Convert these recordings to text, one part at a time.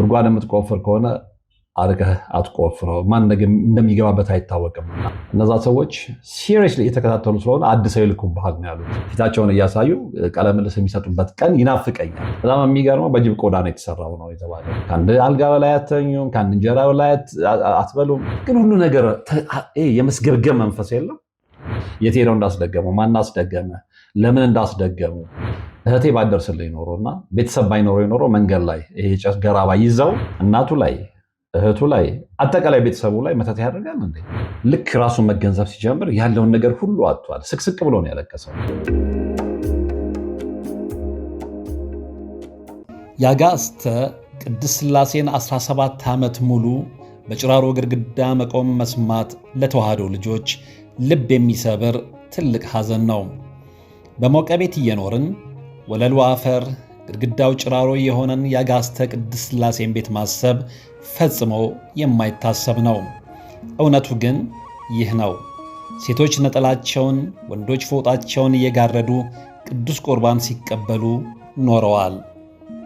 ጉድጓድ የምትቆፍር ከሆነ አድርገህ አትቆፍረው። ማን እንደሚገባበት አይታወቅም። እነዛ ሰዎች ሲሪየስ የተከታተሉ ስለሆነ አድሰው ይልኩብሃል ነው ያሉት። ፊታቸውን እያሳዩ ቀለምልስ የሚሰጡበት ቀን ይናፍቀኛል። በጣም የሚገርመው በጅብ ቆዳ ነው የተሰራው ነው የተባለ። ከአንድ አልጋ በላይ አተኙም፣ ከአንድ እንጀራ በላይ አትበሉም። ግን ሁሉ ነገር የመስገብገብ መንፈስ የለም። የት ሄደው እንዳስደገመው፣ ማን እንዳስደገመ፣ ለምን እንዳስደገሙ እህቴ ባደርስልኝ ኖሮ እና ቤተሰብ ባይኖረ ኖሮ መንገድ ላይ ይሄ ገራባ ይዘው እናቱ ላይ እህቱ ላይ አጠቃላይ ቤተሰቡ ላይ መተት ያደርጋል እንዴ? ልክ ራሱን መገንዘብ ሲጀምር ያለውን ነገር ሁሉ አጥቷል። ስቅስቅ ብሎ ነው ያለቀሰው። ያጋስተ ቅድስት ሥላሴን 17 ዓመት ሙሉ በጭራሮ ግድግዳ መቆም መስማት ለተዋህዶ ልጆች ልብ የሚሰብር ትልቅ ሐዘን ነው። በሞቀ ቤት እየኖርን ወለሉ አፈር፣ ግድግዳው ጭራሮ የሆነን የአጋስተ ቅድስት ሥላሴን ቤት ማሰብ ፈጽሞ የማይታሰብ ነው። እውነቱ ግን ይህ ነው። ሴቶች ነጠላቸውን፣ ወንዶች ፎጣቸውን እየጋረዱ ቅዱስ ቁርባን ሲቀበሉ ኖረዋል።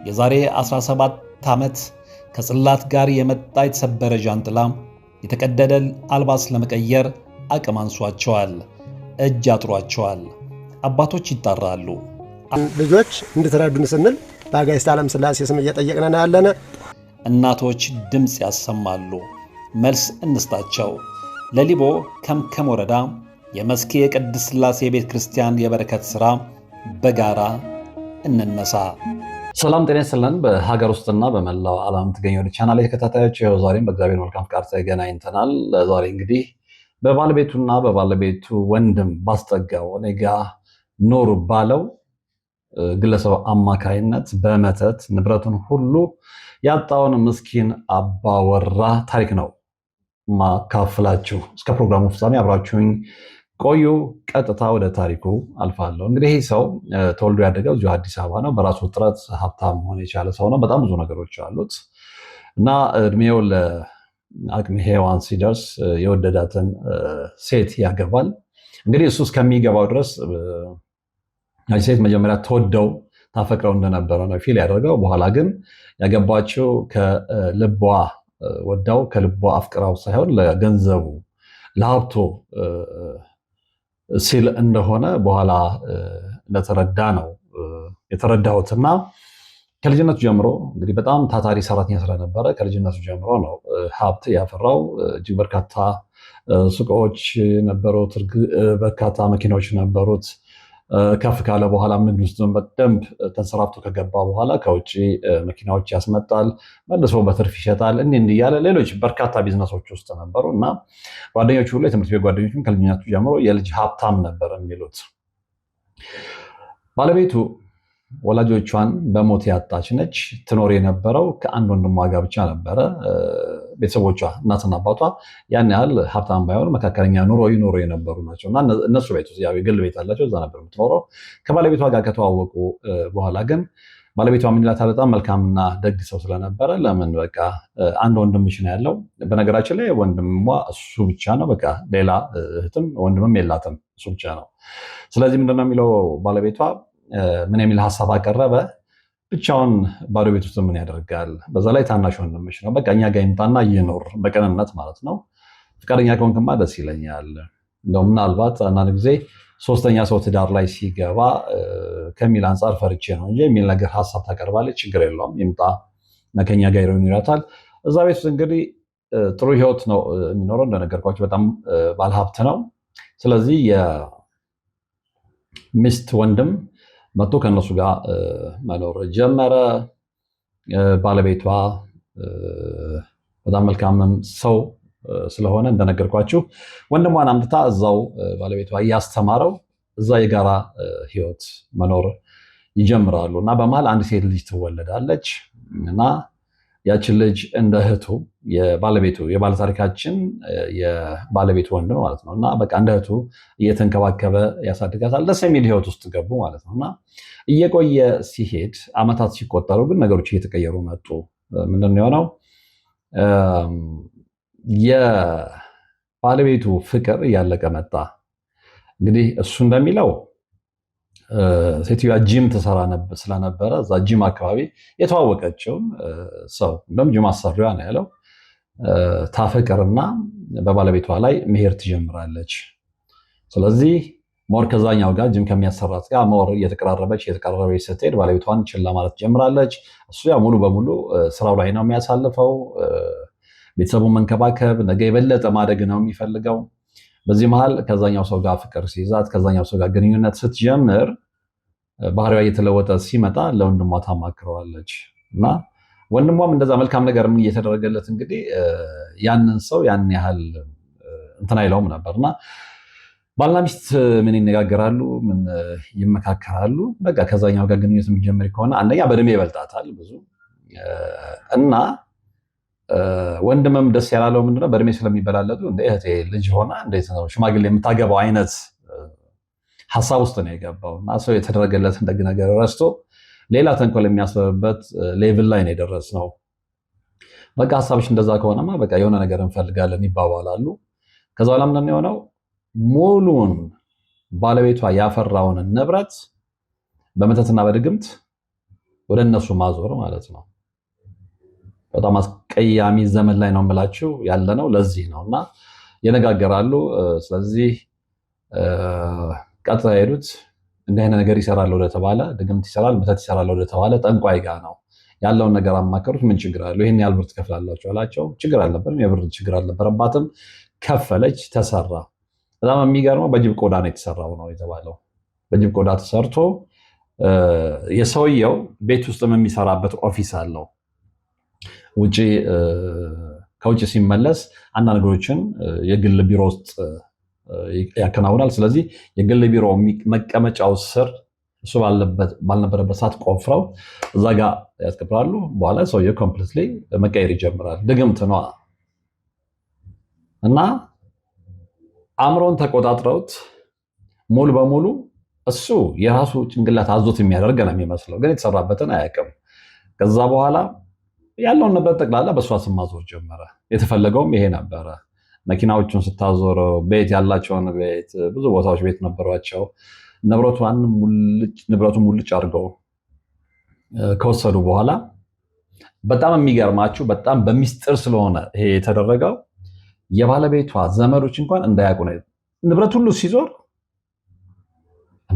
የዛሬ 17 ዓመት ከጽላት ጋር የመጣ የተሰበረ ዣንጥላ የተቀደደ አልባስ ለመቀየር አቅም አንሷቸዋል፣ እጅ አጥሯቸዋል። አባቶች ይጣራሉ። ልጆች እንድትረዱን ስንል በአጋዕዝተ ዓለም ሥላሴ ስም እየጠየቅነን ያለነ። እናቶች ድምፅ ያሰማሉ፣ መልስ እንስጣቸው። ለሊቦ ከምከም ወረዳ የመስኬ የቅድስት ሥላሴ ቤተ ክርስቲያን የበረከት ሥራ በጋራ እንነሳ። ሰላም ጤና ይስጥልን። በሀገር ውስጥና በመላው ዓለም የምትገኙ ቻናል ተከታታዮች ይኸው ዛሬም በእግዚአብሔር መልካም ፍቃድ ተገናኝተናል። ዛሬ እንግዲህ በባለቤቱና በባለቤቱ ወንድም ባስጠጋው እኔ ጋ ኖሩ ባለው ግለሰብ አማካይነት በመተት ንብረቱን ሁሉ ያጣውን ምስኪን አባወራ ታሪክ ነው ማካፍላችሁ። እስከ ፕሮግራሙ ፍጻሜ አብራችሁኝ ቆዩ። ቀጥታ ወደ ታሪኩ አልፋለሁ። እንግዲህ ይህ ሰው ተወልዶ ያደገው እዚሁ አዲስ አበባ ነው። በራሱ ጥረት ሀብታም መሆን የቻለ ሰው ነው። በጣም ብዙ ነገሮች አሉት እና እድሜው ለአቅመ ሔዋን ሲደርስ የወደዳትን ሴት ያገባል። እንግዲህ እሱ እስከሚገባው ድረስ ሴት መጀመሪያ ተወደው ታፈቅረው እንደነበረ ነው ፊል ያደርገው። በኋላ ግን ያገባችው ከልቧ ወዳው ከልቧ አፍቅራው ሳይሆን ለገንዘቡ ለሀብቱ ሲል እንደሆነ በኋላ እንደተረዳ ነው እና ከልጅነቱ ጀምሮ እንግዲህ በጣም ታታሪ ሰራተኛ ስለነበረ ከልጅነቱ ጀምሮ ነው ሀብት ያፈራው። እጅግ በርካታ ሱቆች ነበሩት፣ በርካታ መኪናዎች ነበሩት። ከፍ ካለ በኋላ ንግድ ውስጥ በደንብ ተንሰራፍቶ ከገባ በኋላ ከውጭ መኪናዎች ያስመጣል፣ መልሶ በትርፍ ይሸጣል። እንዲህ እንዲህ እያለ ሌሎች በርካታ ቢዝነሶች ውስጥ ነበሩ እና ጓደኞቹ ሁሉ የትምህርት ቤት ጓደኞቹም ከልጅነቱ ጀምሮ የልጅ ሀብታም ነበር የሚሉት። ባለቤቱ ወላጆቿን በሞት ያጣች ነች። ትኖር የነበረው ከአንድ ወንድሟ ጋር ብቻ ነበረ። ቤተሰቦቿ እናትና አባቷ ያን ያህል ሀብታም ባይሆኑ መካከለኛ ኑሮ ይኖሩ የነበሩ ናቸው እና እነሱ ቤት ውስጥ ግል ቤት አላቸው፣ እዛ ነበር የምትኖረው። ከባለቤቷ ጋር ከተዋወቁ በኋላ ግን ባለቤቷ ምን ይላታል? በጣም መልካምና ደግ ሰው ስለነበረ ለምን በቃ አንድ ወንድምሽ ነው ያለው። በነገራችን ላይ ወንድሟ እሱ ብቻ ነው፣ በቃ ሌላ እህትም ወንድምም የላትም፣ እሱ ብቻ ነው። ስለዚህ ምንድነው የሚለው ባለቤቷ ምን የሚል ሀሳብ አቀረበ? ብቻውን ባዶ ቤት ውስጥ ምን ያደርጋል? በዛ ላይ ታናሽ ወንድምሽ ነው። በቃ እኛ ጋ ይምጣና ይኖር በቅንነት ማለት ነው። ፈቃደኛ ከሆንክማ ደስ ይለኛል። እንደው ምናልባት አንዳንድ ጊዜ ሶስተኛ ሰው ትዳር ላይ ሲገባ ከሚል አንጻር ፈርቼ ነው እንጂ የሚል ነገር ሀሳብ ታቀርባለች። ችግር የለውም ይምጣ፣ መከኛ ጋ ይሆን ይረታል። እዛ ቤት ውስጥ እንግዲህ ጥሩ ህይወት ነው የሚኖረው። እንደነገርኳቸው በጣም ባለሀብት ነው። ስለዚህ የሚስት ወንድም መጥቶ ከእነሱ ጋር መኖር ጀመረ። ባለቤቷ በጣም መልካምም ሰው ስለሆነ እንደነገርኳችሁ ወንድሟን አምጥታ እዛው ባለቤቷ እያስተማረው እዛ የጋራ ህይወት መኖር ይጀምራሉ እና በመሀል አንድ ሴት ልጅ ትወለዳለች እና ያችን ልጅ እንደ እህቱ የባለቤቱ የባለታሪካችን የባለቤቱ ወንድም ማለት ነው እና በቃ እንደ እህቱ እየተንከባከበ ያሳድጋታል። ደስ የሚል ህይወት ውስጥ ገቡ ማለት ነው እና እየቆየ ሲሄድ አመታት ሲቆጠሩ ግን ነገሮች እየተቀየሩ መጡ። ምንድን የሆነው የባለቤቱ ፍቅር እያለቀ መጣ። እንግዲህ እሱ እንደሚለው ሴትዮዋ ጂም ትሰራ ስለነበረ እዛ ጂም አካባቢ የተዋወቀችውም ሰው እንደውም ጂም አሰሪዋ ነው ያለው ታፈቅርና በባለቤቷ ላይ መሄድ ትጀምራለች። ስለዚህ ሞር ከዛኛው ጋር ጅም ከሚያሰራት ጋር ሞር እየተቀራረበች እየተቀራረበች ስትሄድ ባለቤቷን ችላ ማለት ትጀምራለች። እሱ ያ ሙሉ በሙሉ ስራው ላይ ነው የሚያሳልፈው። ቤተሰቡን መንከባከብ ነገ የበለጠ ማደግ ነው የሚፈልገው። በዚህ መሀል ከዛኛው ሰው ጋር ፍቅር ሲይዛት ከዛኛው ሰው ጋር ግንኙነት ስትጀምር ባህሪዋ እየተለወጠ ሲመጣ ለወንድሟ ታማክረዋለች እና ወንድሟም እንደዛ መልካም ነገር ምን እየተደረገለት እንግዲህ ያንን ሰው ያን ያህል እንትን አይለውም ነበር እና ባልና ሚስት ምን ይነጋገራሉ፣ ምን ይመካከራሉ። በቃ ከዛኛው ጋር ግንኙነት የሚጀምር ከሆነ አንደኛ በእድሜ ይበልጣታል ብዙ እና ወንድምም ደስ ያላለው ምንድነው በእድሜ ስለሚበላለጡ እንደ እህቴ ልጅ ሆና እንዴት ነው ሽማግሌ የምታገባው አይነት ሀሳብ ውስጥ ነው የገባው እና ሰው የተደረገለትን ደግ ነገር ረስቶ ሌላ ተንኮል የሚያስበብበት ሌቭል ላይ ነው ነው። በቃ ሀሳብሽ እንደዛ ከሆነማ በቃ የሆነ ነገር እንፈልጋለን ይባባላሉ። ከዛ በኋላ ምንድን የሆነው ሙሉን ባለቤቷ ያፈራውን ንብረት በመተትና በድግምት ወደ እነሱ ማዞር ማለት ነው። በጣም አስቀያሚ ዘመን ላይ ነው የምላችሁ ያለ ነው። ለዚህ ነው እና ይነጋገራሉ። ስለዚህ ቀጥታ የሄዱት እንዲህ አይነት ነገር ይሰራል ወደተባለ ድግምት ይሰራል መተት ይሰራል ወደተባለ ጠንቋይ ጋ ነው ያለውን ነገር አማከሩት። ምን ችግር አለው? ይህን ያህል ብር ትከፍላላችሁ አላቸው። ችግር አልነበረም። የብር ችግር አልነበረባትም። ከፈለች፣ ተሰራ። በጣም የሚገርመው በጅብ ቆዳ ነው የተሰራው ነው የተባለው። በጅብ ቆዳ ተሰርቶ የሰውየው ቤት ውስጥም የሚሰራበት ኦፊስ አለው ውጭ ከውጭ ሲመለስ አንዳንድ ነገሮችን የግል ቢሮ ውስጥ ያከናውናል። ስለዚህ የግል ቢሮ መቀመጫው ስር እሱ ባልነበረበት ሰዓት ቆፍረው እዛ ጋ ያስገብራሉ። በኋላ ሰውየው ኮምፕሊትሊ መቀየር ይጀምራል። ድግምት ነ እና አእምሮን ተቆጣጥረውት ሙሉ በሙሉ እሱ የራሱ ጭንቅላት አዞት የሚያደርግ ነው የሚመስለው፣ ግን የተሰራበትን አያውቅም። ከዛ በኋላ ያለውን ንብረት ጠቅላላ በእሷ ስም ማዞር ጀመረ። የተፈለገውም ይሄ ነበረ። መኪናዎቹን ስታዞረው ቤት ያላቸውን ቤት ብዙ ቦታዎች ቤት ነበሯቸው። ንብረቱን ሙልጭ አድርገው ከወሰዱ በኋላ በጣም የሚገርማችሁ በጣም በሚስጥር ስለሆነ ይሄ የተደረገው የባለቤቷ ዘመዶች እንኳን እንዳያውቁ ነው። ንብረት ሁሉ ሲዞር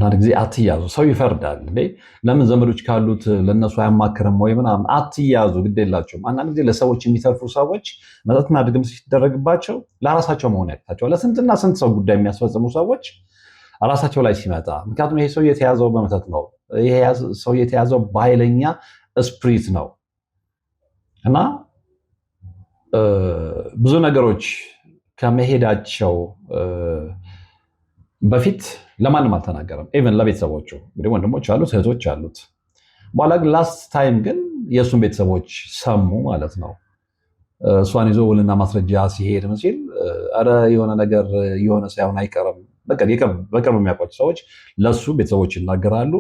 አንዳንድ ጊዜ አትያዙ። ሰው ይፈርዳል። እንዴ ለምን ዘመዶች ካሉት ለእነሱ አያማክርም ወይ ምናምን? አትያዙ፣ ግድ የላቸውም። አንዳንድ ጊዜ ለሰዎች የሚተርፉ ሰዎች መጠጥና ድግም ሲደረግባቸው ለራሳቸው መሆን ያቅታቸዋል። ለስንትና ስንት ሰው ጉዳይ የሚያስፈጽሙ ሰዎች ራሳቸው ላይ ሲመጣ፣ ምክንያቱም ይሄ ሰው የተያዘው በመተት ነው፣ ይሄ ሰው የተያዘው በኃይለኛ ስፕሪት ነው እና ብዙ ነገሮች ከመሄዳቸው በፊት ለማንም አልተናገረም። ኢቨን ለቤተሰቦቹ እንግዲህ ወንድሞች አሉት፣ እህቶች አሉት። በኋላ ግን ላስት ታይም ግን የእሱን ቤተሰቦች ሰሙ ማለት ነው። እሷን ይዞ ውልና ማስረጃ ሲሄድ ምን ሲል ኧረ የሆነ ነገር የሆነ ሳይሆን አይቀርም። በቅርብ የሚያውቋቸው ሰዎች ለሱ ቤተሰቦች ይናገራሉ።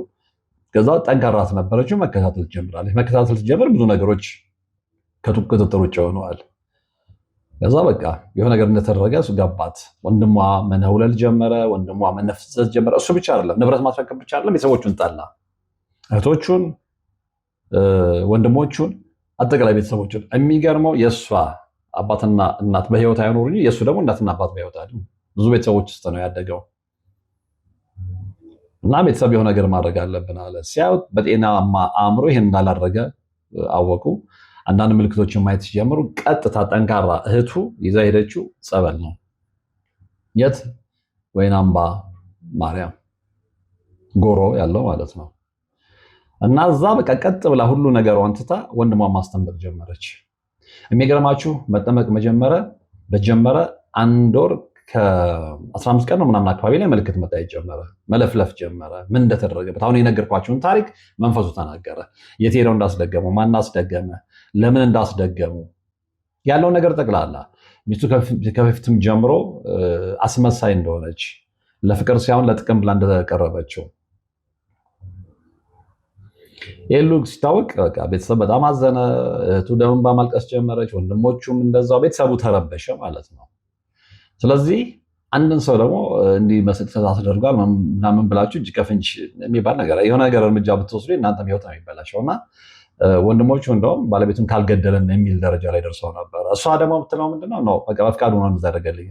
ከዛ ጠንካራ ስነበረችው መከታተል ትጀምራለች። መከታተል ትጀምር ብዙ ነገሮች ከቁጥጥር ውጭ ሆነዋል። ከዛ በቃ የሆነ ነገር እንደተደረገ ገባት። ወንድሟ መነውለል ጀመረ፣ ወንድሟ መነፍዘዝ ጀመረ። እሱ ብቻ አይደለም ንብረት ማስረከብ ብቻ አይደለም፣ ቤተሰቦቹን ጠላ፣ እህቶቹን፣ ወንድሞቹን፣ አጠቃላይ ቤተሰቦቹን። የሚገርመው የእሷ አባትና እናት በህይወት አይኖሩ እንጂ የእሱ ደግሞ እናትና አባት በህይወት አሉ። ብዙ ቤተሰቦች ውስጥ ነው ያደገው እና ቤተሰብ የሆነ ነገር ማድረግ አለብን አለ። ሲያዩት በጤናማ አእምሮ ይህን እንዳላደረገ አወቁ። አንዳንድ ምልክቶችን ማየት ሲጀምሩ ቀጥታ ጠንካራ እህቱ ይዛ ሄደችው ጸበል ነው። የት ወይናምባ ማርያም ጎሮ ያለው ማለት ነው። እና እዛ በቃ ቀጥ ብላ ሁሉ ነገር ትታ ወንድሟን ማስጠንበቅ ጀመረች። የሚገርማችሁ መጠመቅ መጀመረ በጀመረ አንድ ወር ከ15 ቀን ነው ምናምን አካባቢ ላይ ምልክት መታየት ጀመረ። መለፍለፍ ጀመረ። ምን እንደተደረገበት አሁን የነገርኳችሁን ታሪክ መንፈሱ ተናገረ። የት ሄደው እንዳስደገመው ማን አስደገመ ለምን እንዳስደገሙ ያለውን ነገር ጠቅላላ ሚስቱ ከበፊትም ጀምሮ አስመሳይ እንደሆነች ለፍቅር ሳይሆን ለጥቅም ብላ እንደቀረበችው ይሉ ሲታወቅ ቤተሰብ በጣም አዘነ። እህቱ ደምን በማልቀስ ጀመረች። ወንድሞቹም እንደዛው፣ ቤተሰቡ ተረበሸ ማለት ነው። ስለዚህ አንድን ሰው ደግሞ እንዲህ መስጠት አስደርጓል ምናምን ብላችሁ እጅ ከፍንጅ የሚባል ነገር የሆነ ነገር እርምጃ ብትወስዱ እናንተም ህይወት ነው የሚበላሸው እና ወንድሞቹ እንደውም ባለቤቱን ካልገደለን የሚል ደረጃ ላይ ደርሰው ነበር። እሷ ደግሞ ምትለው ምንድነው ነው በቃ በፍቃድ ሆኖ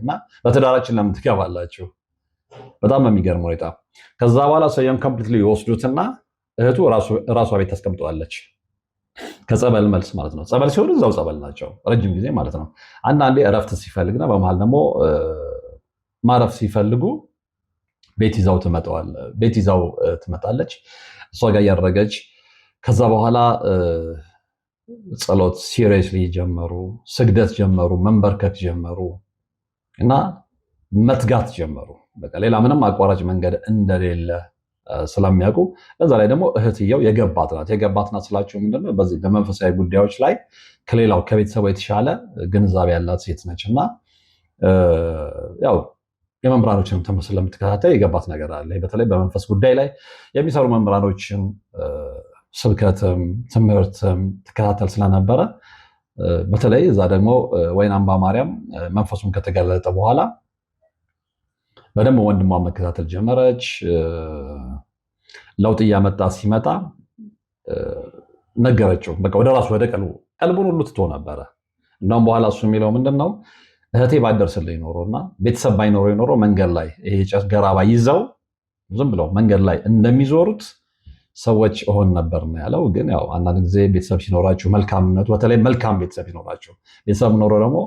እና በትዳራችን ለምን ትገባላችሁ? በጣም በሚገርም ሁኔታ ከዛ በኋላ ሰውየውን ኮምፕሊትሊ ይወስዱትና እህቱ እራሷ ቤት ታስቀምጠዋለች። ከጸበል መልስ ማለት ነው። ጸበል ሲሆኑ እዛው ጸበል ናቸው ረጅም ጊዜ ማለት ነው። አንዳንዴ እረፍት ሲፈልግና በመሀል ደግሞ ማረፍ ሲፈልጉ ቤት ይዛው ትመጣለች። እሷ ጋር እያደረገች ከዛ በኋላ ጸሎት ሲሪየስሊ ጀመሩ፣ ስግደት ጀመሩ፣ መንበርከክ ጀመሩ እና መትጋት ጀመሩ። በቃ ሌላ ምንም አቋራጭ መንገድ እንደሌለ ስለሚያውቁ እዛ ላይ ደግሞ እህትየው የገባት ናት። የገባት ናት ስላቸው ምንድነው በዚህ በመንፈሳዊ ጉዳዮች ላይ ከሌላው ከቤተሰቡ የተሻለ ግንዛቤ ያላት ሴት ነች እና ያው የመምህራኖችንም ትምህርት ስለምትከታተል የገባት ነገር አለ። በተለይ በመንፈስ ጉዳይ ላይ የሚሰሩ መምህራኖችን ስብከትም ትምህርትም ትከታተል ስለነበረ በተለይ እዛ ደግሞ ወይን አምባ ማርያም መንፈሱን ከተገለጠ በኋላ በደንብ ወንድሟ መከታተል ጀመረች። ለውጥ እያመጣ ሲመጣ ነገረችው። በቃ ወደ ራሱ ወደ ቀልቡ ቀልቡን ሁሉ ትቶ ነበረ። እንደውም በኋላ እሱ የሚለው ምንድን ነው እህቴ ባደርስልኝ ኖሮ እና ቤተሰብ ባይኖረ ኖሮ መንገድ ላይ ይሄ ጨስ ገራባ ይዘው ዝም ብለው መንገድ ላይ እንደሚዞሩት ሰዎች እሆን ነበር ነው ያለው። ግን ያው አንዳንድ ጊዜ ቤተሰብ ሲኖራችሁ መልካምነቱ በተለይ መልካም ቤተሰብ ሲኖራችሁ ቤተሰብ ኖሮ ደግሞ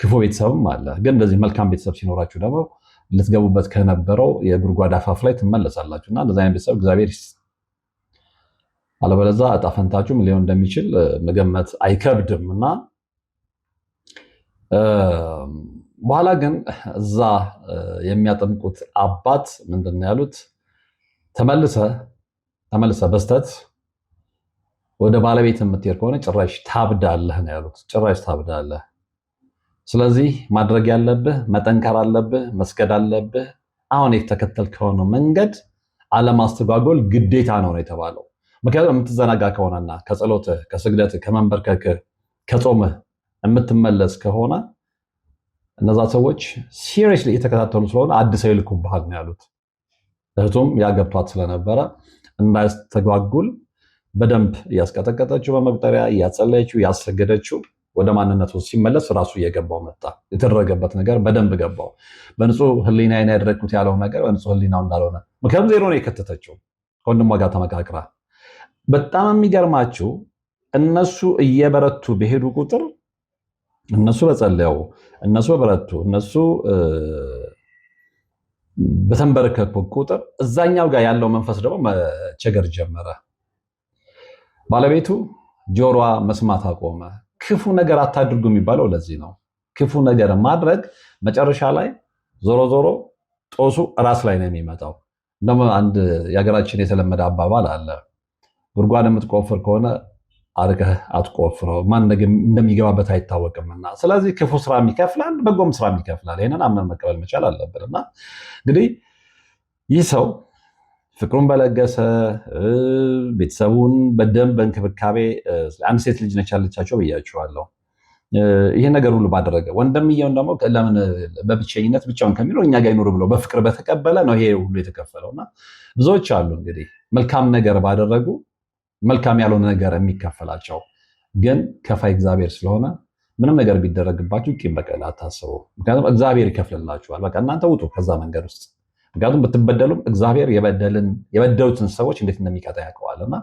ክፉ ቤተሰብም አለ። ግን እንደዚህ መልካም ቤተሰብ ሲኖራችሁ ደግሞ ልትገቡበት ከነበረው የጉድጓድ አፋፍ ላይ ትመለሳላችሁ እና እንደዚህ አይነት ቤተሰብ እግዚአብሔር ይስጥ። እጣ ፈንታችሁም ሊሆን እንደሚችል መገመት አይከብድም እና በኋላ ግን እዛ የሚያጠምቁት አባት ምንድን ነው ያሉት? ተመልሰ ተመልሰ በስተት ወደ ባለቤት የምትሄድ ከሆነ ጭራሽ ታብዳለህ ነው ያሉት። ጭራሽ ታብዳለህ። ስለዚህ ማድረግ ያለብህ መጠንከር አለብህ፣ መስገድ አለብህ። አሁን የተከተል ከሆነ መንገድ አለማስተጓጎል ግዴታ ነው ነው የተባለው። ምክንያቱም የምትዘናጋ ከሆነና ከጸሎትህ፣ ከስግደትህ፣ ከመንበርከክህ፣ ከጾምህ የምትመለስ ከሆነ እነዛ ሰዎች ሲሪየስሊ የተከታተሉ ስለሆነ አዲስ አይልኩም ባህል ነው ያሉት። እህቱም ያገብቷት ስለነበረ እንዳያስተጓጉል በደንብ እያስቀጠቀጠችው በመቁጠሪያ እያጸለየችው እያሰገደችው ወደ ማንነቱ ሲመለስ ራሱ እየገባው መጣ። የተደረገበት ነገር በደንብ ገባው። በንጹህ ሕሊና ያደረግኩት ያለው ነገር በንጹህ ህሊናው እንዳልሆነ ምክንያቱም ዜሮ ነው የከተተችው ከወንድሟ ጋር ተመካክራ። በጣም የሚገርማችሁ እነሱ እየበረቱ በሄዱ ቁጥር እነሱ በጸለው እነሱ በበረቱ፣ እነሱ በተንበረከኩ ቁጥር እዛኛው ጋር ያለው መንፈስ ደግሞ መቸገር ጀመረ። ባለቤቱ ጆሮዋ መስማት አቆመ። ክፉ ነገር አታድርጉ የሚባለው ለዚህ ነው። ክፉ ነገር ማድረግ መጨረሻ ላይ ዞሮ ዞሮ ጦሱ ራስ ላይ ነው የሚመጣው። አንድ የሀገራችን የተለመደ አባባል አለ፣ ጉድጓድ የምትቆፍር ከሆነ አድርገህ አትቆፍረው። ማን እንደሚገባበት አይታወቅምና፣ ስለዚህ ክፉ ስራ ይከፍላል፣ በጎም ስራ ይከፍላል። ይህንን አምነን መቀበል መቻል አለብን። እና እንግዲህ ይህ ሰው ፍቅሩን በለገሰ ቤተሰቡን በደንብ በእንክብካቤ አንድ ሴት ልጅ ነች ያለቻቸው ብያችኋለሁ። ይህን ነገር ሁሉ ባደረገ ወንድምየውን ደግሞ ለምን በብቸኝነት ብቻውን ከሚለው እኛ ጋር ይኖር ብሎ በፍቅር በተቀበለ ነው ይሄ ሁሉ የተከፈለው። እና ብዙዎች አሉ እንግዲህ መልካም ነገር ባደረጉ መልካም ያልሆነ ነገር የሚከፈላቸው ግን ከፋይ እግዚአብሔር ስለሆነ ምንም ነገር ቢደረግባችሁ ቂም በቀል አታስቡ። ምክንያቱም እግዚአብሔር ይከፍልላችኋል። በቃ እናንተ ውጡ ከዛ መንገድ ውስጥ። ምክንያቱም ብትበደሉም እግዚአብሔር የበደሉትን ሰዎች እንዴት እንደሚቀጣ ያውቀዋል። እና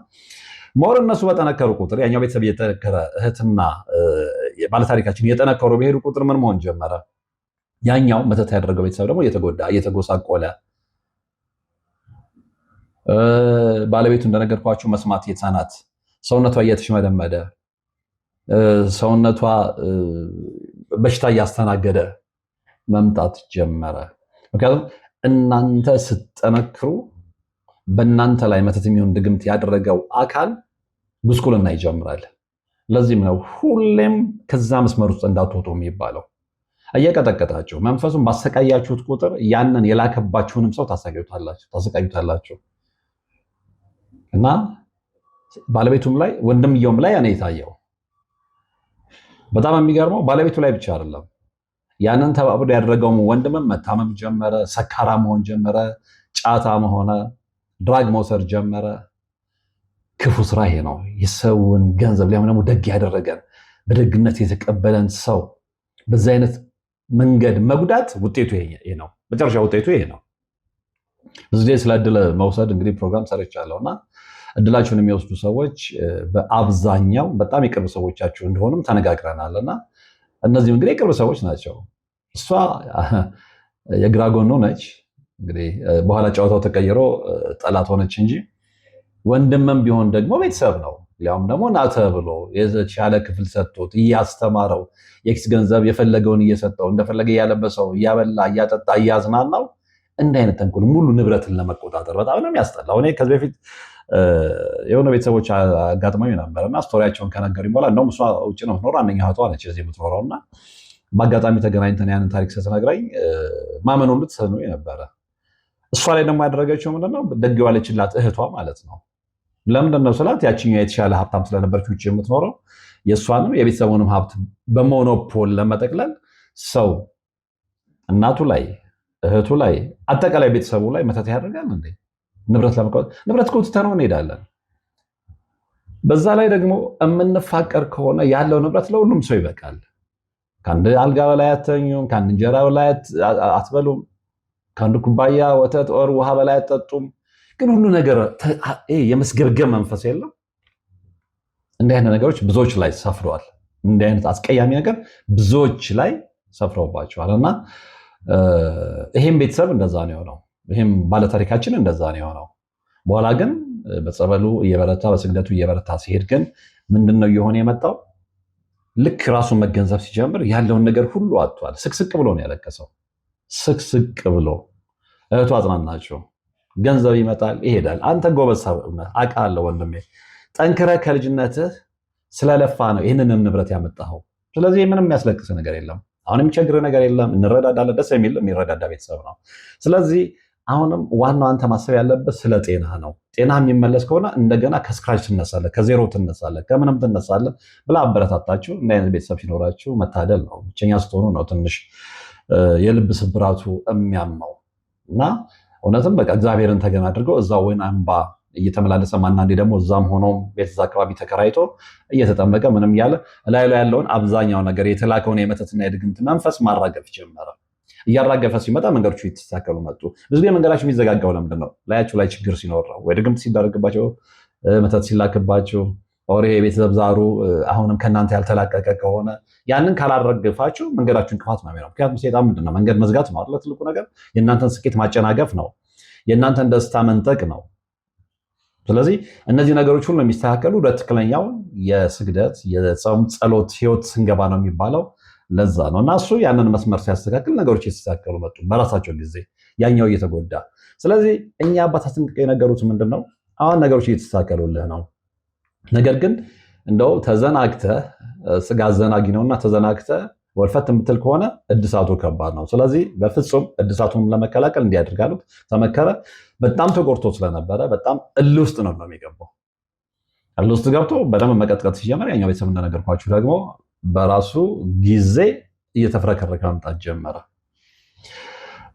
ሞር እነሱ በጠነከሩ ቁጥር ያኛው ቤተሰብ እየጠነከረ እህትና ባለታሪካችን እየጠነከሩ በሄዱ ቁጥር ምን መሆን ጀመረ? ያኛው መተት ያደረገው ቤተሰብ ደግሞ እየተጎዳ እየተጎሳቆለ ባለቤቱ እንደነገርኳችሁ መስማት የተሳናት ሰውነቷ እየተሽመደመደ ሰውነቷ በሽታ እያስተናገደ መምጣት ጀመረ። ምክንያቱም እናንተ ስትጠነክሩ በእናንተ ላይ መተት የሚሆን ድግምት ያደረገው አካል ጉስቁልና ይጀምራል። ለዚህም ነው ሁሌም ከዛ መስመር ውስጥ እንዳትወጡ የሚባለው። እየቀጠቀጣችሁ መንፈሱን ባሰቃያችሁት ቁጥር ያንን የላከባችሁንም ሰው ታሰቃዩታላችሁ። እና ባለቤቱም ላይ ወንድምየውም ላይ ያኔ የታየው በጣም የሚገርመው ባለቤቱ ላይ ብቻ አይደለም። ያንን ተባብሎ ያደረገውም ወንድምም መታመም ጀመረ፣ ሰካራ መሆን ጀመረ፣ ጫታ መሆነ ድራግ መውሰድ ጀመረ። ክፉ ስራ ይሄ ነው። የሰውን ገንዘብ ሊያም ደግሞ ደግ ያደረገን በደግነት የተቀበለን ሰው በዚህ አይነት መንገድ መጉዳት ውጤቱ ይሄ ነው። መጨረሻ ውጤቱ ይሄ ነው። ብዙ ጊዜ ስለ ዕድል መውሰድ እንግዲህ ፕሮግራም ሰርቻለሁ እና እድላቸውን የሚወስዱ ሰዎች በአብዛኛው በጣም የቅርብ ሰዎቻችሁ እንደሆኑም ተነጋግረናል እና እነዚህም እንግዲህ የቅርብ ሰዎች ናቸው። እሷ የግራ ጎኑ ነች። እንግዲህ በኋላ ጨዋታው ተቀይሮ ጠላት ሆነች እንጂ ወንድምም ቢሆን ደግሞ ቤተሰብ ነው። ሊያውም ደግሞ ናተ ብሎ የተሻለ ክፍል ሰጥቶት እያስተማረው የኪስ ገንዘብ የፈለገውን እየሰጠው እንደፈለገ እያለበሰው እያበላ እያጠጣ እያዝናናው እንደ አይነት ተንኮል ሙሉ ንብረትን ለመቆጣጠር በጣም ነው የሚያስጠላው። እኔ ከዚህ በፊት የሆነ ቤተሰቦች አጋጥመው ነበር እና ስቶሪያቸውን ከነገሩኝ በኋላ እንደውም እሷ ውጭ ነው የምትኖረው፣ አንደኛ እህቷ ነች እዚህ የምትኖረው እና በአጋጣሚ ተገናኝተን ያንን ታሪክ ስትነግራኝ ማመን ሁሉ ትሰንኝ ነበረ። እሷ ላይ ደግሞ ያደረገችው ምንድነው ደግ ዋለችላት እህቷ ማለት ነው። ለምንድን ነው ስላት ያችኛ የተሻለ ሀብታም ስለነበረች ውጭ የምትኖረው የእሷንም የቤተሰቡንም ሀብት በሞኖፖል ለመጠቅለል ሰው እናቱ ላይ እህቱ ላይ አጠቃላይ ቤተሰቡ ላይ መተት ያደርጋል እንዴ? ንብረት ለመቀበል ንብረት ትተነው እንሄዳለን። በዛ ላይ ደግሞ የምንፋቀር ከሆነ ያለው ንብረት ለሁሉም ሰው ይበቃል። ከአንድ አልጋ በላይ አተኙም፣ ከአንድ እንጀራ በላይ አትበሉም፣ ከአንድ ኩባያ ወተት ወር ውሃ በላይ አትጠጡም። ግን ሁሉ ነገር የመስገብገብ መንፈስ የለም። እንዲህ አይነት ነገሮች ብዙዎች ላይ ሰፍረዋል። እንዲህ አይነት አስቀያሚ ነገር ብዙዎች ላይ ሰፍረውባቸዋል እና ይሄም ቤተሰብ እንደዛ ነው የሆነው። ይህም ባለታሪካችን እንደዛ ነው የሆነው። በኋላ ግን በጸበሉ እየበረታ በስግደቱ እየበረታ ሲሄድ ግን ምንድን ነው እየሆነ የመጣው? ልክ ራሱን መገንዘብ ሲጀምር ያለውን ነገር ሁሉ አጥቷል። ስቅስቅ ብሎ ነው ያለቀሰው። ስቅስቅ ብሎ እህቱ አጽናናቸው። ገንዘብ ይመጣል ይሄዳል። አንተ ጎበዝ አውቃለሁ ወንድሜ፣ ጠንክረ ከልጅነትህ ስለለፋ ነው ይህንንም ንብረት ያመጣኸው። ስለዚህ ምንም የሚያስለቅስ ነገር የለም። አሁን የሚቸግር ነገር የለም። እንረዳዳለን። ደስ የሚል የሚረዳዳ ቤተሰብ ነው። ስለዚህ አሁንም ዋናው አንተ ማሰብ ያለበት ስለ ጤና ነው። ጤና የሚመለስ ከሆነ እንደገና ከስክራች ትነሳለ፣ ከዜሮ ትነሳለ፣ ከምንም ትነሳለ ብላ አበረታታችሁ። እንደ አይነት ቤተሰብ ሲኖራችሁ መታደል ነው። ብቸኛ ስትሆኑ ነው ትንሽ የልብ ስብራቱ የሚያመው እና እውነትም በቃ እግዚአብሔርን ተገን አድርገው እዛ ወይን አምባ እየተመላለሰ አንዳንዴ ደግሞ እዛም ሆኖ ቤተሰብ አካባቢ ተከራይቶ እየተጠመቀ ምንም እያለ ላይ ያለውን አብዛኛው ነገር የተላከውን የመተትና የድግምት መንፈስ ማራገፍ ጀመረ። እያራገፈ ሲመጣ መንገዶቹ የተስተካከሉ መጡ። ብዙ ጊዜ መንገዳቸው የሚዘጋጋው ለምንድን ነው? ላያቸው ላይ ችግር ሲኖር ነው። ወይ ድግምት ሲደረግባቸው፣ መተት ሲላክባቸው፣ ኦሬ የቤተሰብ ዛሩ አሁንም ከእናንተ ያልተላቀቀ ከሆነ ያንን ካላረግፋችሁ መንገዳችሁ እንቅፋት ነው የሚሆነው። ምክንያቱም ሴጣን ምንድን ነው መንገድ መዝጋት ነው አለ ትልቁ ነገር የእናንተን ስኬት ማጨናገፍ ነው። የእናንተን ደስታ መንጠቅ ነው። ስለዚህ እነዚህ ነገሮች ሁሉ የሚስተካከሉ ለትክክለኛው የስግደት የጾም ጸሎት ህይወት ስንገባ ነው የሚባለው። ለዛ ነው እና እሱ ያንን መስመር ሲያስተካክል ነገሮች የተስተካከሉ መጡ በራሳቸው ጊዜ፣ ያኛው እየተጎዳ። ስለዚህ እኛ አባት የነገሩት ምንድን ነው? አሁን ነገሮች እየተስተካከሉልህ ነው፣ ነገር ግን እንደው ተዘናግተ ስጋ አዘናጊ ነውና ተዘናግተ ወልፈት የምትል ከሆነ እድሳቱ ከባድ ነው። ስለዚህ በፍጹም እድሳቱን ለመከላከል እንዲያደርጋሉ ተመከረ። በጣም ተቆርቶ ስለነበረ በጣም እል ውስጥ ነው የሚገባው። እል ውስጥ ገብቶ በደንብ መቀጥቀጥ ሲጀመር ያኛው ቤተሰብ እንደነገርኳችሁ ደግሞ በራሱ ጊዜ እየተፍረከረከ መምጣት ጀመረ።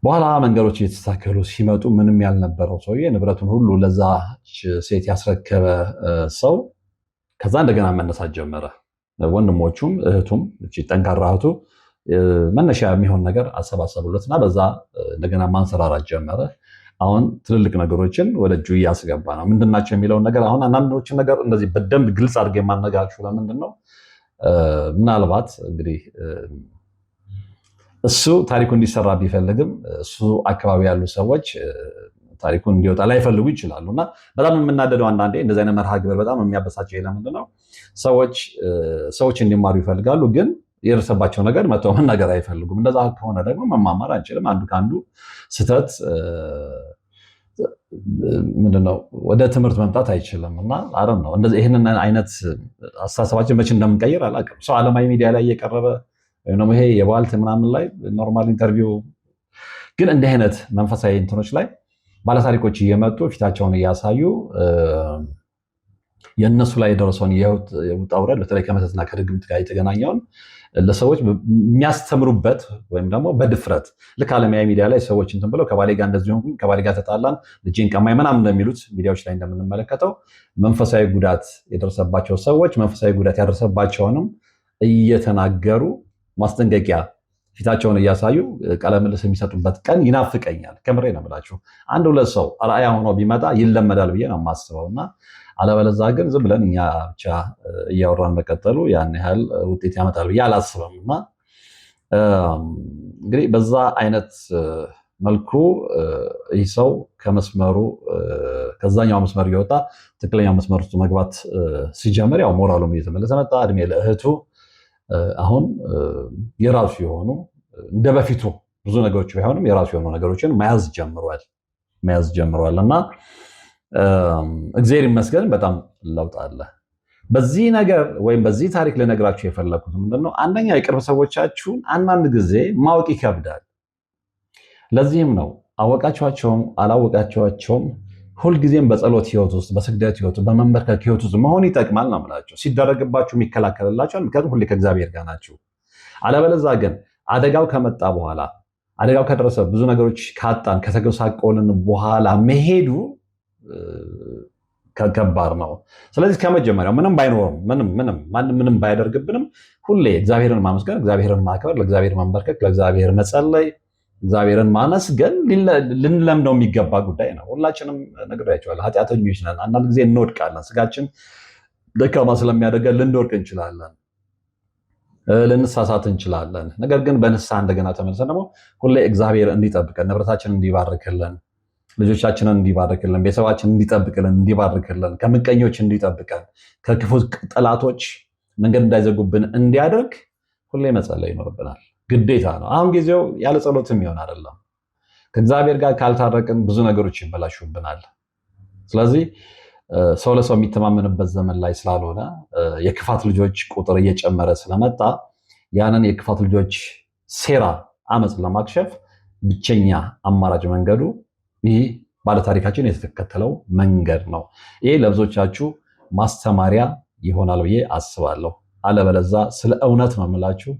በኋላ መንገዶች እየተስተካከሉ ሲመጡ ምንም ያልነበረው ሰውዬ ንብረቱን ሁሉ ለዛ ሴት ያስረከበ ሰው ከዛ እንደገና መነሳት ጀመረ። ወንድሞቹም እህቱም ጠንካራ እህቱ መነሻ የሚሆን ነገር አሰባሰቡለት እና በዛ እንደገና ማንሰራራት ጀመረ። አሁን ትልልቅ ነገሮችን ወደ እጁ እያስገባ ነው። ምንድናቸው የሚለውን ነገር አሁን አንዳንዶችን ነገር እንደዚህ በደንብ ግልጽ አድርገ የማነግራችሁ ለምንድን ነው ምናልባት እንግዲህ እሱ ታሪኩ እንዲሰራ ቢፈልግም እሱ አካባቢ ያሉ ሰዎች ታሪኩ እንዲወጣ ላይፈልጉ ይችላሉ። እና በጣም የምናደደው አንዳንዴ እንደዚህ አይነት መርሃ ግብር በጣም የሚያበሳቸው ለምንድን ነው? ሰዎች እንዲማሩ ይፈልጋሉ ግን የደረሰባቸው ነገር መተው መናገር አይፈልጉም። እንደዛ ከሆነ ደግሞ መማማር አንችልም። አንዱ ከአንዱ ስህተት ምንድነው ወደ ትምህርት መምጣት አይችልም። እና አረ ነው እንደዚህ ይህንን አይነት አስተሳሰባችን መቼ እንደምንቀይር አላውቅም። ሰው አለማዊ ሚዲያ ላይ እየቀረበ ወይም ይሄ የባልት ምናምን ላይ ኖርማል ኢንተርቪው ግን እንዲህ አይነት መንፈሳዊ እንትኖች ላይ ባለታሪኮች እየመጡ ፊታቸውን እያሳዩ የእነሱ ላይ የደረሰውን የህይወት ውጣ ውረድ በተለይ ከመተትና ከድግምት ጋር የተገናኘውን ለሰዎች የሚያስተምሩበት ወይም ደግሞ በድፍረት ልክ አለሚያ ሚዲያ ላይ ሰዎች እንትን ብለው ከባሌ ጋር እንደዚህ ሆንኩኝ፣ ከባሌ ጋር ተጣላን፣ ልጄን ቀማኝ ምናምን እንደሚሉት ሚዲያዎች ላይ እንደምንመለከተው መንፈሳዊ ጉዳት የደረሰባቸው ሰዎች መንፈሳዊ ጉዳት ያደረሰባቸውንም እየተናገሩ ማስጠንቀቂያ ፊታቸውን እያሳዩ ቃለ ምልልስ የሚሰጡበት ቀን ይናፍቀኛል። ከምሬ ነው የምላችሁ። አንድ ሁለት ሰው አርአያ ሆኖ ቢመጣ ይለመዳል ብዬ ነው የማስበው እና አለበለዛ ግን ዝም ብለን እኛ ብቻ እያወራን መቀጠሉ ያን ያህል ውጤት ያመጣል ብዬ አላስብም። እና እንግዲህ በዛ አይነት መልኩ ይህ ሰው ከመስመሩ ከዛኛው መስመር እየወጣ ትክክለኛው መስመር ውስጥ መግባት ሲጀምር ያው ሞራሉም እየተመለሰ መጣ። እድሜ ለእህቱ። አሁን የራሱ የሆኑ እንደ በፊቱ ብዙ ነገሮች ባይሆንም የራሱ የሆኑ ነገሮችን መያዝ ጀምሯል መያዝ ጀምሯል እና እግዚአብሔር ይመስገን በጣም ለውጥ አለ። በዚህ ነገር ወይም በዚህ ታሪክ ልነግራችሁ የፈለግኩት ምንድነው፣ አንደኛ የቅርብ ሰዎቻችሁን አንዳንድ ጊዜ ማወቅ ይከብዳል። ለዚህም ነው አወቃችኋቸውም አላወቃችኋቸውም ሁልጊዜም በጸሎት ህይወት ውስጥ በስግደት ህይወት በመንበርከክ ህይወት ውስጥ መሆን ይጠቅማል ነው የምላቸው። ሲደረግባችሁ የሚከላከልላቸዋል፣ ምክንያቱም ሁሌ ከእግዚአብሔር ጋር ናችሁ። አለበለዛ ግን አደጋው ከመጣ በኋላ አደጋው ከደረሰ ብዙ ነገሮች ካጣን ከተጎሳቆልን በኋላ መሄዱ ከባድ ነው። ስለዚህ ከመጀመሪያው ምንም ባይኖርም ምንም ምንም ማንም ምንም ባያደርግብንም ሁሌ እግዚአብሔርን ማመስገን፣ እግዚአብሔርን ማክበር፣ ለእግዚአብሔር መንበርከክ፣ ለእግዚአብሔር መጸለይ፣ እግዚአብሔርን ማመስገን ግን ልንለምደው የሚገባ ጉዳይ ነው። ሁላችንም ነግሬያቸዋለሁ፣ ኃጢአተኞች ነን። አንዳንድ ጊዜ እንወድቃለን። ስጋችን ደካማ ስለሚያደርገን ልንወድቅ እንችላለን፣ ልንሳሳት እንችላለን። ነገር ግን በንስሐ እንደገና ተመልሰን ደግሞ ሁሌ እግዚአብሔር እንዲጠብቀን፣ ንብረታችን እንዲባርክልን ልጆቻችንን እንዲባርክልን፣ ቤተሰባችንን እንዲጠብቅልን፣ እንዲባርክልን፣ ከምቀኞች እንዲጠብቀን፣ ከክፉ ጠላቶች መንገድ እንዳይዘጉብን እንዲያደርግ ሁሌ መጸለይ ይኖርብናል። ግዴታ ነው። አሁን ጊዜው ያለ ጸሎትም ይሆን አይደለም። ከእግዚአብሔር ጋር ካልታረቅን ብዙ ነገሮች ይበላሹብናል። ስለዚህ ሰው ለሰው የሚተማመንበት ዘመን ላይ ስላልሆነ የክፋት ልጆች ቁጥር እየጨመረ ስለመጣ ያንን የክፋት ልጆች ሴራ፣ አመፅ ለማክሸፍ ብቸኛ አማራጭ መንገዱ ይህ ባለታሪካችን የተከተለው መንገድ ነው። ይህ ለብዙዎቻችሁ ማስተማሪያ ይሆናል ብዬ አስባለሁ። አለበለዛ ስለ እውነት ነው የምላችሁ፣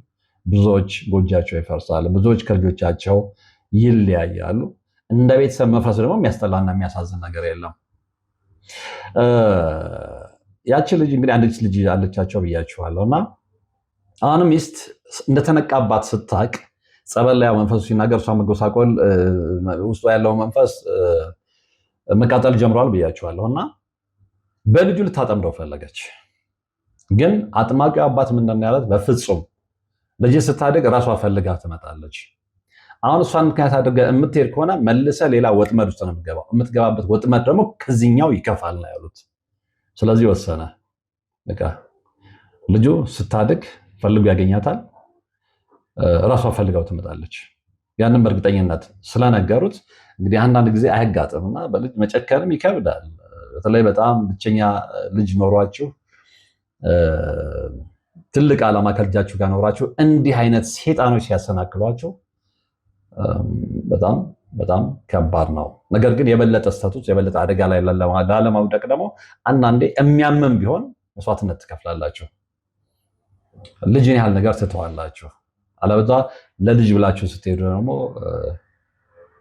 ብዙዎች ጎጃቸው ይፈርሳል፣ ብዙዎች ከልጆቻቸው ይለያያሉ። እንደ ቤተሰብ መፍረስ ደግሞ የሚያስጠላና የሚያሳዝን ነገር የለም። ያቺ ልጅ እንግዲህ አንድ ልጅ አለቻቸው ብያችኋለሁ እና አሁንም ሚስት እንደተነቃባት ስታቅ ጸበል ላይ መንፈሱ ሲናገር እሷ መጎሳቆል ውስጡ ያለው መንፈስ መቃጠል ጀምሯል ብያቸዋለሁ። እና በልጁ ልታጠምደው ፈለገች። ግን አጥማቂ አባት ምንድን ያለት? በፍጹም ልጅ ስታድግ እራሷ ፈልጋ ትመጣለች። አሁን እሷን ምክንያት አድርገ የምትሄድ ከሆነ መልሰ ሌላ ወጥመድ ውስጥ ነው የምትገባው። የምትገባበት ወጥመድ ደግሞ ከዚኛው ይከፋል ነው ያሉት። ስለዚህ ወሰነ። በቃ ልጁ ስታድግ ፈልጎ ያገኛታል። ራሷ ፈልጋው ትመጣለች። ያንን በእርግጠኝነት ስለነገሩት እንግዲህ አንዳንድ ጊዜ አያጋጥም እና በልጅ መጨከንም ይከብዳል። በተለይ በጣም ብቸኛ ልጅ ኖሯችሁ ትልቅ ዓላማ ከልጃችሁ ጋር ኖራችሁ እንዲህ አይነት ሴጣኖች ሲያሰናክሏቸው በጣም በጣም ከባድ ነው። ነገር ግን የበለጠ ስህተቶች የበለጠ አደጋ ላይ ላለማውደቅ ደግሞ አንዳንዴ የሚያምም ቢሆን መስዋዕትነት ትከፍላላችሁ። ልጅን ያህል ነገር ትተዋላችሁ። አለበዛ ለልጅ ብላችሁ ስትሄዱ ደግሞ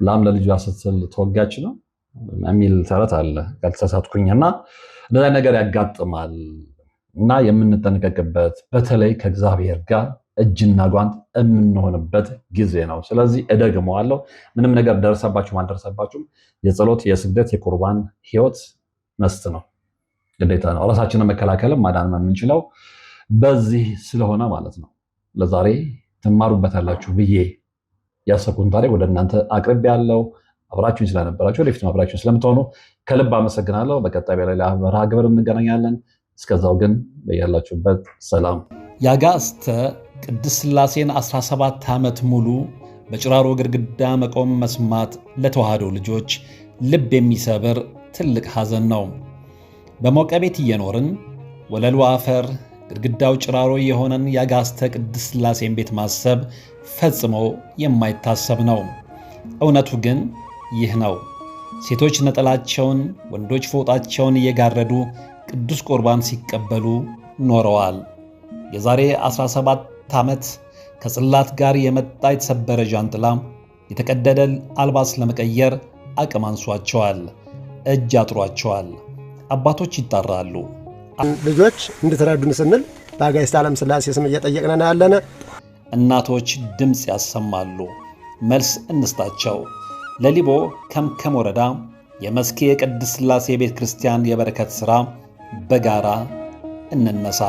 ላም ለልጅ ስትል ተወጋች ነው የሚል ተረት አለ ካልተሳሳትኩኝ። እና እንደዛ ነገር ያጋጥማል እና የምንጠነቀቅበት በተለይ ከእግዚአብሔር ጋር እጅና ጓንት የምንሆንበት ጊዜ ነው። ስለዚህ እደግመዋለሁ፣ ምንም ነገር ደረሰባችሁም አልደረሰባችሁም የጸሎት የስግደት የቁርባን ህይወት መስት ነው፣ ግዴታ ነው። ራሳችንን መከላከልም ማዳንም የምንችለው በዚህ ስለሆነ ማለት ነው ለዛሬ ትማሩበታላችሁ ብዬ ያሰብኩትን ታሪክ ወደ እናንተ አቅርቤ ያለው አብራችሁኝ ስለነበራችሁ ወደፊትም አብራችሁኝ ስለምትሆኑ ከልብ አመሰግናለሁ። በቀጣይ በሌላ መርሃ ግብር እንገናኛለን። እስከዛው ግን በያላችሁበት ሰላም። የአጋዕዝተ ቅድስት ሥላሴን 17 ዓመት ሙሉ በጭራሮ ግድግዳ መቆም መስማት ለተዋህዶ ልጆች ልብ የሚሰብር ትልቅ ሐዘን ነው። በሞቀ ቤት እየኖርን ወለሉ አፈር ግድግዳው ጭራሮ የሆነን የአጋስተ ቅድስት ሥላሴን ቤት ማሰብ ፈጽሞ የማይታሰብ ነው። እውነቱ ግን ይህ ነው። ሴቶች ነጠላቸውን፣ ወንዶች ፎጣቸውን እየጋረዱ ቅዱስ ቁርባን ሲቀበሉ ኖረዋል። የዛሬ 17 ዓመት ከጽላት ጋር የመጣ የተሰበረ ዣንጥላ የተቀደደ አልባስ ለመቀየር አቅም አንሷቸዋል፣ እጅ አጥሯቸዋል። አባቶች ይጣራሉ። ልጆች እንድትረዱን ስንል በአጋዕዝተ ዓለም ሥላሴ ስም እየጠየቅነን ያለነ። እናቶች ድምፅ ያሰማሉ፣ መልስ እንስጣቸው። ለሊቦ ከምከም ወረዳ የመስኬ የቅድስት ሥላሴ ቤተ ክርስቲያን የበረከት ሥራ በጋራ እንነሳ።